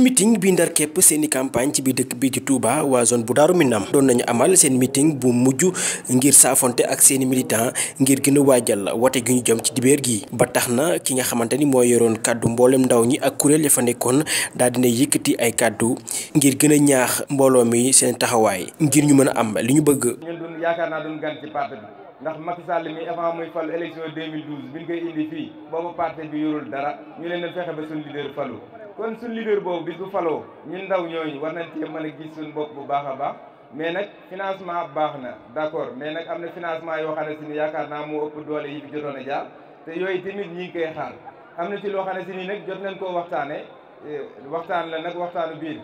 meeting bi ndar kep seni campagne ci bi dëkk bi ci Touba wa zone bu daru Minam don nañu amal seen meeting bu muju ngir safonté ak seni militant ngir gëna a waajal wate gi ñu jëm ci dibeer gi ba taxna ki nga xamanteni mo yoron yoroon mbollem ndaw ñi ak kurel ya fa nekkon daal dina yëkëti ay kàddu ngir gëna ñaax mbolo mi seen taxaway ngir ñu mëna am li ñu bëgg. gan ci parti bi ndax Macky Sall mi avant muy fall élection 2012 bi koy indi fii boobu parti bi yorul dara ñu leen fexe ba suñu leader falu kon suñ leader boobu bi su faloo ñun ndaw ñooñu war nañ cee mën a gis suñ bopp bu baax a baax mais nag financement baax na d'accord mais nag am na financement yoo xam ne si ni yaakaar naa moo ëpp doole yi fi jotoon a jaar te yooyu tamit ñi ngi koy xaar am na si loo xam ne si nii nag jot nañ koo waxtaanee eh, waxtaan la nag waxtaanu biir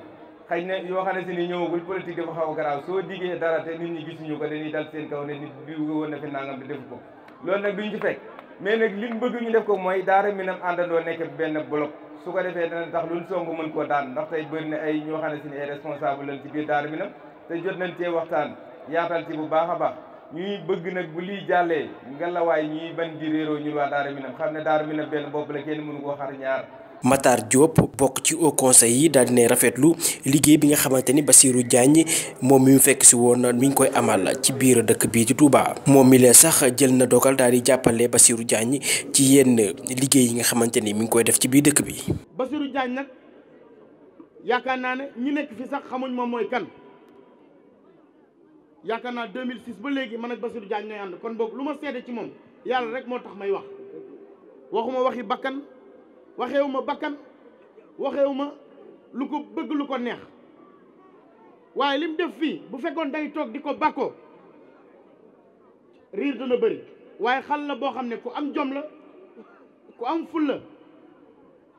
xëy na yoo xam si ni ñëwagul politique dafa xaw a garaaw soo diggee dara te nit ñi gisuñu ko dañuy dal seen kaw ne nit bi woon na fi bi def ko loolu nag duñ ci mais nag liñ bëgg ñu def ko mooy daara mi nam àndandoo nekk benn bloc su ko defee dana tax luñ song mën koo daan ndax tey bëri na ay ñoo xam ne si ne ay responsable lañ ci biir daara mi te jot nañ cee waxtaan yaatal ci bu baax a baax ñuy bëgg nag bu lii jàllee ngelawaay ñuy ban di réeroo ñun waa daara mi xam ne daara mi nam benn bopp la kenn mënu koo xar ñaar Matar Diop bok ci au conseil yi dal dinay rafetlu liggéey bi nga xamanteni basirou Bassirou Diagne moom mi mu fekk si woon mi ngi koy amal ci biir dëkk bi ci Touba mom mi le sax jël na dogal dal di jappalé basirou Diagne ci yenn liggéey yi nga xamanteni mi ngi koy def ci biir dëkk bi. basirou Diagne nak yaakaar ne ñi nekk fi sax xamuñ mom moy kan 2006 ba léegi man ak basirou Diagne ñoy and kon bok luma sédé ci mom yalla rek mo tax may wax waxuma waxi bakkan. waxeewu ma bakkan waxeewu ma lu ko bëgg lu ko neex waaye lim def fii bu fekkoon day toog di ko bàkkoo riir dana bëri waaye xal la boo xam ne ku am jom la ku am ful la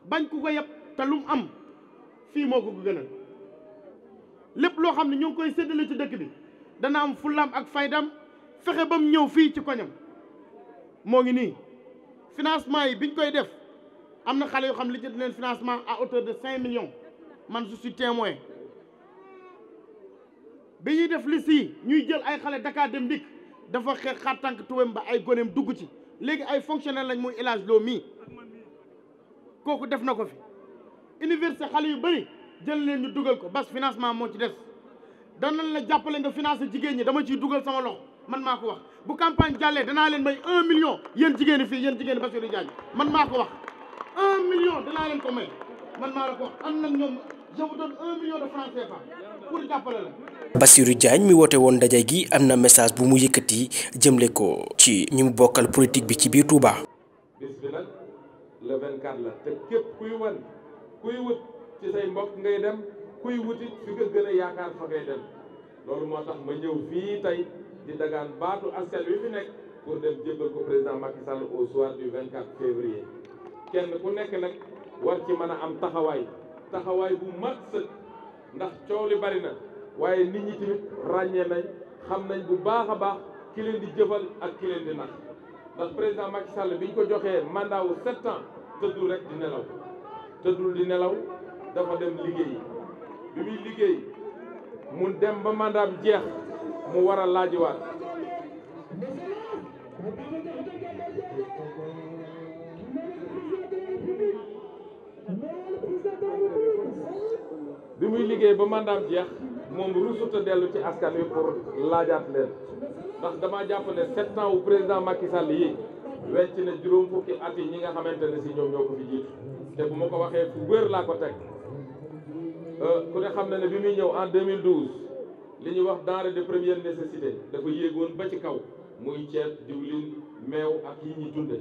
bañ ku ko yëpp te lu mu am fii moo ko gënal lépp loo xam ne ñoo ngi koy séddale ci dëkk bi dana am fullaam ak faydam fexe ba mu ñëw fii ci koñam moo ngi nii financement yi biñ koy def Il y a xam financement à hauteur de 5 millions je suis témoin biñu def ñuy jël ay xalé Dakar dem dik dafa tuwem ba ay dugg ci légui ay fonctionnaire lañ muy def fi université xalé yu bari jël leen ñu ko bas financement mo ci des la jappalé nga financer jigéen ñi dama ci duggal sama loxo man mako wax bu campagne jallé dana leen may 1 million yeen jigéen million fii jigéen ñi Diagne man mako wax un million mi woote woon ndaje gi am na message bu mu yëkkati jëmle ko ci ñu bokkal politique bi ci biir Touba. bis la te képp kuy wan kuy wut ci say mbokk ngay dem kuy wutit fi gën a yaakaar fa ngay dem loolu moo tax ma ñëw fii tey di dagaan baatu askan wi fi nekk pour dem jébbal ko président Macky au soir du 24 février. kenn ku nekk nag war ci mën a am taxawaay taxawaay bu mat ndax coow li bari na waaye nit ñi tamit ràññee nañ xam nañ bu baax a baax ki di jëfal ak ki leen di nax ndax président Macky Sall biñ ko joxe mandat wu sept ans tëddul rek di nelaw tëddul di nelaw dafa dem liggéey bi muy liggéey mu dem ba mandat bi jeex mu war a laajiwaat bi muy liggéey ba mandaam jeex moom rusut a dellu ci askan wi pour laajaat leen ndax dama jàpp ne sept ans wu président Macky Sall yi wecc na juróom fukki at yi ñi nga xamante ne si ñoom ñoo ko fi jiitu te bu ma ko waxee fu wér laa ko teg euh, ku ne xam na ne bi muy ñëw en 2012 li ñuy wax denrée de première nécessité dafa yéegoon ba ci kaw muy ceeb diwlin meew ak yi ñuy dunde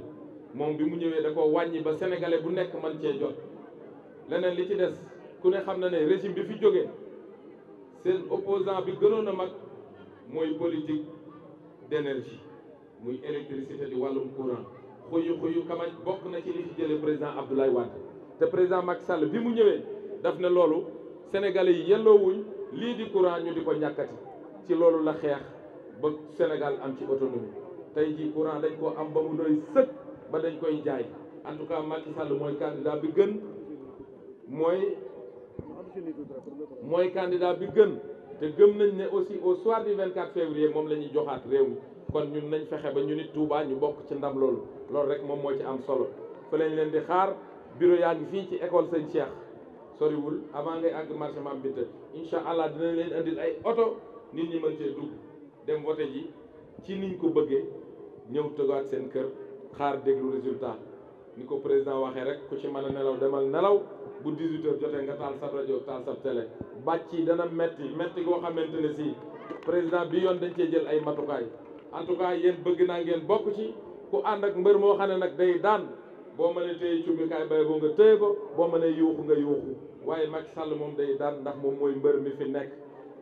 moom bi mu ñëwee da ko wàññi ba sénégalais bu nekk man cee jot leneen li ci des ku ne xam na ne régime bi fi jógee seen opposant bi gënoon a mag mooy politique d'énergie muy électricité di wàllum courant xuyu xuyu kamaj bokk na ci li fi jëlee président Abdoulaye Wade te président Macky sàll bi mu ñëwee daf ne loolu sénégalais yi yelloowuñ lii di courant ñu di ko ñàkkati ci loolu la xeex ba Sénégal am ci autonomie tey jii courant dañ koo am ba mu doy sëkk ba dañ koy jaay en tout cas Macky Sall mooy candidat bi gën mooy mooy candidat bi gën te gëm nañ ne aussi au soir du 24 février moom la ñuy joxaat réew mi kon ñun nañ fexe ba ñu nit Touba ñu bokk ci ndam loolu loolu rek moom moo ci am solo fa lañ leen di xaar bureau yaa ngi fii ci école sëñ Cheikh soriwul avant ngay àgg marché Mame Binta incha allah dinañ leen indi ay oto nit ñi mën cee dugg dem voté ji ci niñ ko bëggee ñëw tëgaat seen kër xaar déglu résultat ni ko président waxee rek ku ci mën a nelaw demal nelaw bu 18 heures jotee nga taal sa rajo taal sab télé bàcc yi dana metti metti goo xamante ne si président bi yoon dañ cee jël ay matukaay en tout cas yéen bëgg naa ngeen bokk ci ku ànd ak mbër moo xam ne nag day daan boo mënee téye cubbikaay bay boo nga téye ko boo mënee yuuxu nga yuuxu waaye nag Sall moom day daan ndax moom mooy mbër mi fi nekk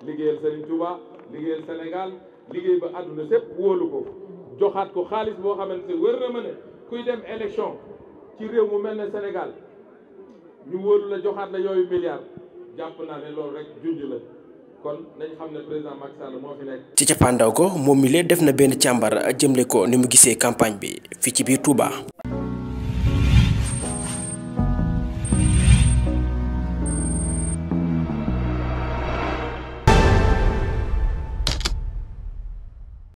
liggéeyal Serigne Touba liggéeyal Sénégal liggéey ba àdduna sépp wóolu ko joxaat ko xaalis boo xamante wër na ma ne kuy dem élection ci réew mu mel ne Sénégal ñu wóolu la joxaat la yooyu milliards jàpp naa ne loolu rek junj la kon nañ xam ne président Macky moo fi nekk. ci cappaandaw ko moom mi lee def na benn càmbar jëmle ko ni mu gisee campagne bi fii ci biir Touba.